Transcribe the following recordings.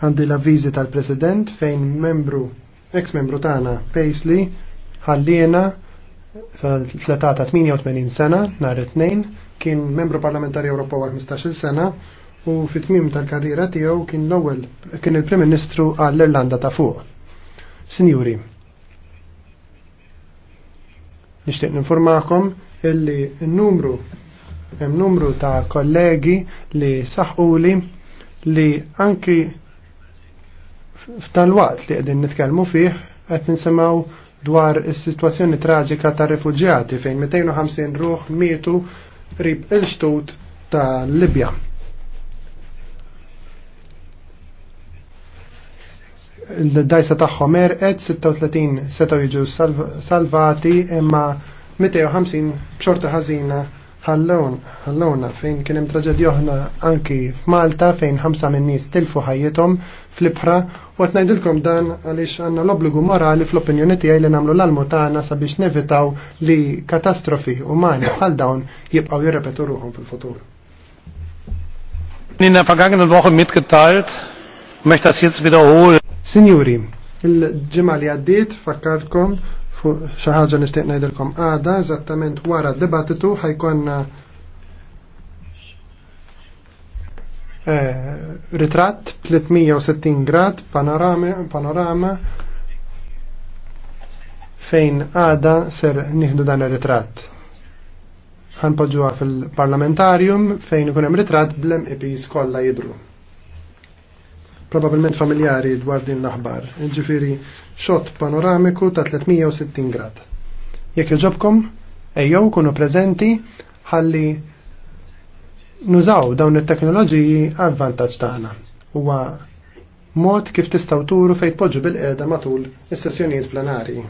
għandi la viżi tal-President fejn membru, ex-membru tagħna Paisley ħalliena fl-età 88 sena nhar it-tnejn kien membru parlamentari Ewropa għal 15-il sena u fit-tmim tal-karriera tiegħu kien l-ewwel kien il-Prim Ministru għall-Irlanda ta' fuq. Sinjuri, nixtieq ninformakom illi n-numru hemm numru ta' kollegi li saħquli li anki ftal waqt li qegħdin nitkellmu fih qed nisimgħu dwar is-sitwazzjoni traġika tar-refuġjati fejn 250 ruħ mietu qrib il-xtut ta' Libja. Il-dajsa tagħhom erqed 36 setgħu jiġu salvati imma 250 b'xorta ħażina ħallowna fejn kien hemm traġedja anki f'Malta fejn ħamsa minn nies tilfu ħajjithom fl-ibħra u qed ngħidilkom dan għaliex għandna l obligu morali fl-opinjoni tiegħi li nagħmlu l-almu tagħna sabiex nevitaw li katastrofi umani bħal dawn jibqgħu jirrepetu ruhom fil-futur. Nina der l Woche mitgeteilt, möchte das jetzt wiederholen. Signori, il-ġimgħa li għaddiet fakkarkom xaħġa xi ħaġa nixtieq ngħidilkom għada eżattament wara d-dibattitu ħajkonna eh, ritratt 360 grad panorama, panorama fejn għada ser nieħdu dan ir-ritratt. Ħanpoġġuha fil-parlamentarium fejn ikun hemm ritratt blem ipis kollha jidru probabilment familjari dwar din l-aħbar, ġifiri xot panoramiku ta' 360 grad. Jekk joġobkom, ejjow kunu prezenti ħalli nużaw dawn it-teknoloġiji għavvantaġġ tagħna. Huwa mod kif tistgħu turu fejn tpoġġu bil-qiegħda matul is-sessjonijiet plenarji.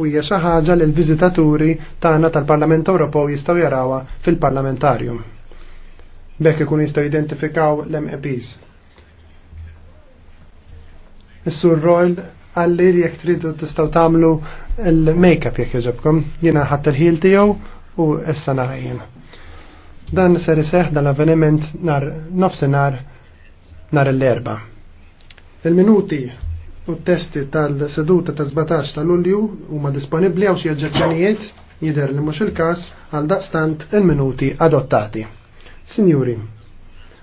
U hija xi ħaġa li l-viżitaturi tagħna tal-Parlament Ewropew jistgħu jarawha fil-parlamentarium. Bekk ikunu jistgħu identifikaw l-MEPs. Is-sur Royal għalli li jek tridu tistaw tamlu il makeup up jek jġobkom. Jena ħatt il-ħil tijow u issa narajjen. Dan ser iseħ dan l-avveniment nar nofsenar nar l-erba. Il-minuti u testi tal-seduta ta' 17 tal-ulju u ma disponibli għaw xie oġġezzjonijiet jider li mux il-kas għal daqstant il-minuti adottati. Signori,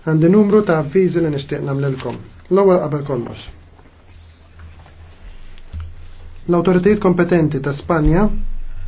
għandi numru ta' avvizi li nixtieq namlilkom. L-ewwel qabel kollox. L-autoritajiet kompetenti ta' Spanja